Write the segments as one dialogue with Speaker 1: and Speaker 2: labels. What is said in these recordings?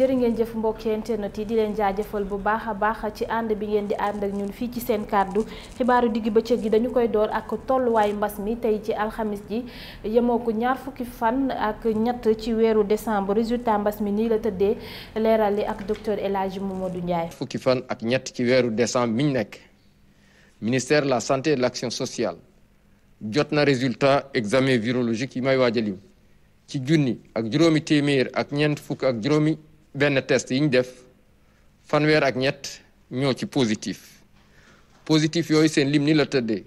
Speaker 1: jërë ngeen jëf mbokk internet yi di leen jaajëfal bu baax a baax ci ànd bi ngeen di ànd ak ñun fii ci seen kàddu xibaaru digg bëccëg gi dañu koy door ak tolluwaayu mbas mi tey ci alxamis ji yemoo ko ñaar fukki fan ak ñett ci weeru décembre résultat mbas mi nii la tëddee leeral li ak docteur El Hadji Mamadou Ndiaye.
Speaker 2: fukki fan ak ñett ci weeru décembre mi nekk ministère la santé et l'action sociale jot na résultat examen birologique yi may waajal ci junni ak ak juróomi. benn test yi ñu def fanweer ak ñett ñoo ci positif positif yooyu seen lim ni la tëddee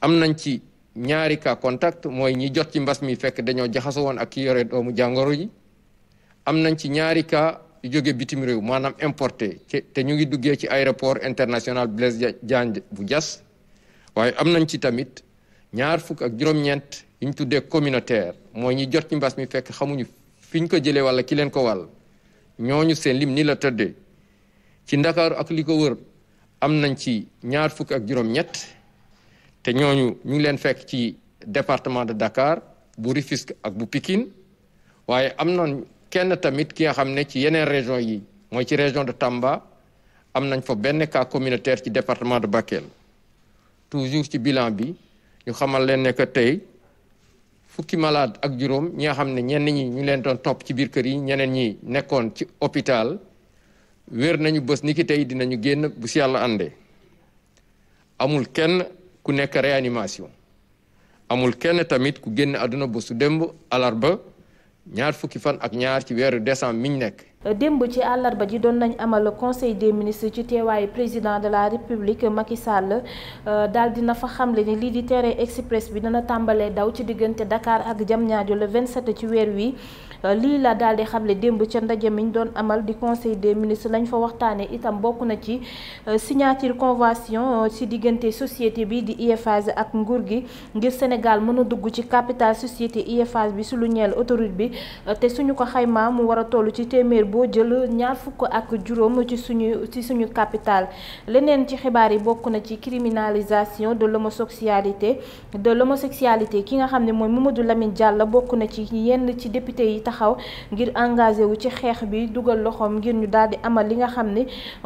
Speaker 2: am nañ ci ñaari cas contact mooy ñi jot ci mbas mi fekk dañoo jaxaso woon ak ki yore doomu jàngoro yi am nañ ci ñaari cas yu jóge bitim réew maanaam importé te ñu ngi duggee ci aéroport international Blaise Diagne bu dias waaye am nañ ci tamit ñaar fukk ak juróom-ñeent yi ñu tuddee communautaire mooy ñi jot ci mbas mi fekk xamuñu fiñ ko jëlee wala ki leen ko wàll ñooñu seen lim ni la tëdde ci ndakaaru ak li ko wër am nañ ci ñaar fukk ak juróom-ñett te ñooñu ñu ngi leen fekk ci département de Dakar bu Rufisque ak bu pikin waaye am na kenn tamit ki nga xam ne ci yeneen région yi mooy ci région de Tamba am nañ fa benn cas communautaire ci département de Bakel toujours ci bilan bi ñu xamal leen ne que tey fukki malade ak juróom ñi xam ne ñenn ñi ñu leen doon topp ci biir kër yi ñeneen ñi nekkoon ci hôpital wér nañu bës ni ki tey dinañu génn bu si yàlla àndee amul kenn ku nekk réanimation amul kenn tamit ku génn àdduna bésu démb alarba ñaar fukki fan ak ñaar ci weeru décembre miñ nekk
Speaker 1: démb ci àllarba ji doon nañ amal conseil des ministres ci teewaayu président de la république Macky Sall euh, daal dina fa xamle ni lii di terrain express bi dana tàmbalee daw ci diggante Dakar ak Diamniadio le 27 ci weer wi. Euh, Lila la daal di xamle demb ci ndaje miñ doon amal di conseil des ministres lañ fa waxtaanee itam bokku na ci euh, signature convention euh, ci diggante société bi di IFAS ak nguur gi ngir Sénégal mëna dugg ci capital société IFAS bi su lu ñeel autorité bi té suñu ko xayma mu wara tollu ci jël ñaar fukk ak juroom ci suñu ci suñu capital leneen ci xibaar yi na ci criminalisation de l'homosexualité de l'homosexualité ki nga xam moy Mamadou Lamine Diallo bokku na ci yenn ci député yi taxaw ngir engagé wu ci xeex bi duggal loxom ngir ñu daldi amal li nga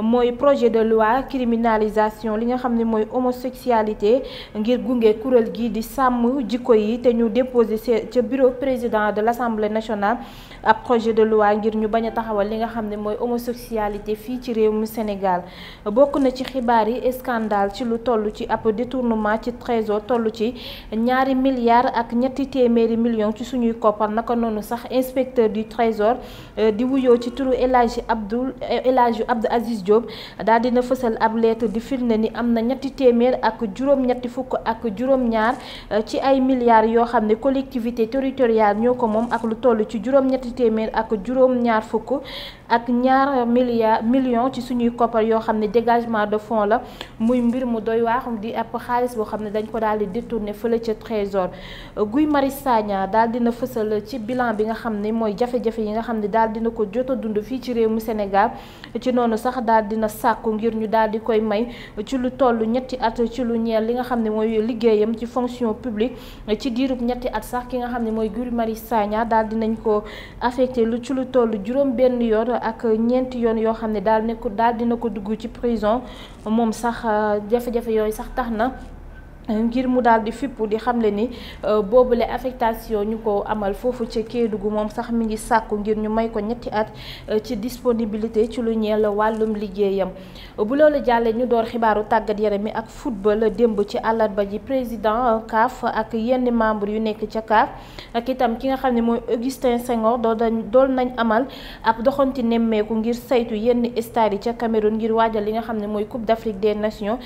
Speaker 1: moy projet de loi criminalisation li nga xam moy homosexualité ngir gunge kurel gi di sam jikko yi té ñu déposé ci bureau président de l'Assemblée nationale ap projet de loi ngir ñu baña a taxawal li nga xam moy homosexualité fi ci réew Sénégal bokku na ci xibaar yi scandale ci lu tollu ci ap détournement ci trésor tollu ci ñaari milliards ak ñetti téeméeri millions ci suñuy copal naka nonu sax inspecteur du trésor euh, di wuyoo ci turu Elage Abdul Abdoul euh, Abdou Aziz Diop dal dina fësal ab lettre di firnde ni amna na ñetti téeméer ak juroom ñetti fukk ak juroom ñaar euh, ci ay milliards yo xamné collectivité territoriale ñoko mom ak lu toll ci juroom ñetti téeméer ak juroom ñaar fukk ak ñaar milliards millions ci suñuy yo xamné dégagement de fonds la muy mbir mu doy après di ab xaalis bo xamné ne dañ ko dal di détourné fële ci trésor Guy Marius Sagna daal dina fësal ci bilan bi nga xamné ni mooy jafe-jafe yi nga xam ne daal dina ko jot a dund fii ci réew mu Sénégal ci noonu sax daal dina sàkku ngir ñu daal di koy may ci lu tollu ñetti at ci lu li nga xam ne mooy liggéeyam ci fonction publique ci diirub ñetti at sax ki nga xam ne mooy Guy Marius Sagna daal dinañ ko affecté lu ci lu toll juróom benn yoon ak ñeenti yoon yoo xam ne daal ne ko daal dina ko dugg ci prison moom sax euh, jafe-jafe yooyu sax tax na ngir mu daal di fippu di xamle ni euh, boobule affectation ñu ko amal foofu ca Kédougou moom sax mu ngi sàkku ngir ñu may ko ñetti at euh, ci disponibilité ci lu la wàllum liggéeyam bu loolu jàllee ñu door xibaaru tàggat yaram mi ak football démb ci àllarba ji président euh, CAF ak yenn membre yu nekk ca CAF ak itam ki nga xam ne mooy Augustin Senghor doo dañ dool nañ amal ab doxanti nemmeeku ngir saytu yenn stade ca Cameroun ngir waajal li nga xam ne mooy Coupe d'Afrique des Nations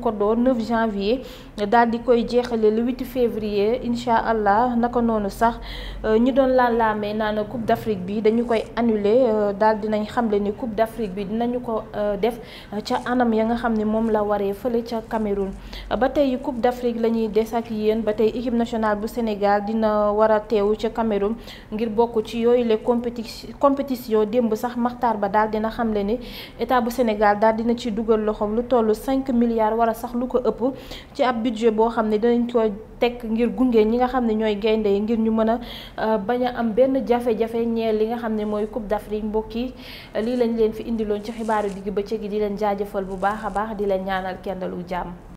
Speaker 1: ko 9 janvier le 8 février insha allah nako nonu sax euh, Coupe d'Afrique bi dañu koy euh, Coupe d'Afrique bi dinañu ko euh, def anam ya nga la waré Cameroun Coupe d'Afrique lañuy équipe nationale bu Sénégal dina wara Cameroun ngir bokku ci les compétitions compétition demb sax martar Ba dal dina ni état bu Sénégal le dina ci lu 5 milliards war a sax lu ko ëpp ci ab budget boo xam ne dinañ ko tekk ngir gunge ñi nga xam ne ñooy gaynde yi ngir ñu mën a euh, bañ a am benn jafe-jafe ñeel li nga xam ne mooy Coupe d'Afrique mbokk yi lii lañ leen fi indiloon ci xibaaru digg bëccëg yi di leen jaajëfal bu baax a baax di leen ñaanal kendalu jàmm